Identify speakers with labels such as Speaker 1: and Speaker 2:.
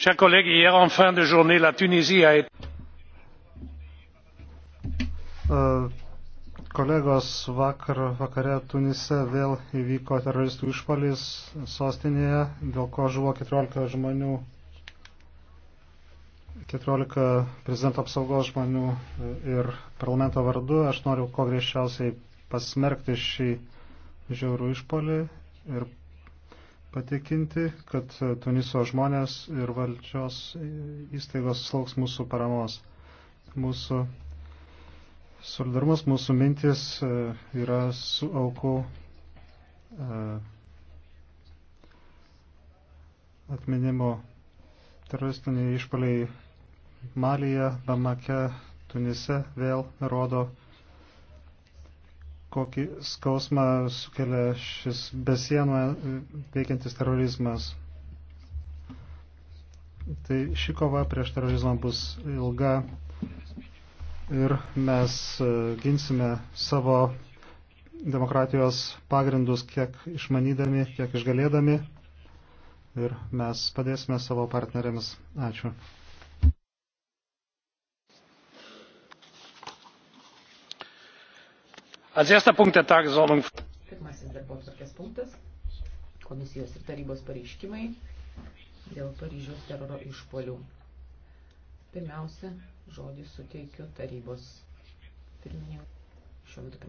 Speaker 1: chers collègues hier en fin de journée la tunisie a été
Speaker 2: e, Kolegos vakar vakare Tunise vėl įvyko teroristų išpalis sostinėje, dėl ko žuvo 14 žmonių, 14 prezidento apsaugos žmonių e, ir parlamento vardu. Aš noriu kuo griežčiausiai pasmerkti šį žiaurų išpolį ir patikinti, kad Tuniso žmonės ir valdžios įstaigos slauks mūsų paramos. Mūsų solidarumas, mūsų mintis e, yra su aukų e, atminimo teroristiniai išpoliai Malyje, Bamake, Tunise vėl rodo kokį skausmą sukelia šis besienų e, veikiantis terorizmas. Tai ši kova prieš terorizmą bus ilga ir mes e, ginsime savo demokratijos pagrindus kiek išmanydami, kiek išgalėdami ir mes padėsime savo partneriams. Ačiū.
Speaker 1: Als erster Punkt der Tagesordnung.
Speaker 3: Pirmasis darbo apsakės punktas - komisijos ir tarybos pareiškimai dėl Paryžiaus teroro išpolių. Pirmiausia, žodį suteikiu tarybos pirmininkui. Šiuo metu pirmininkui.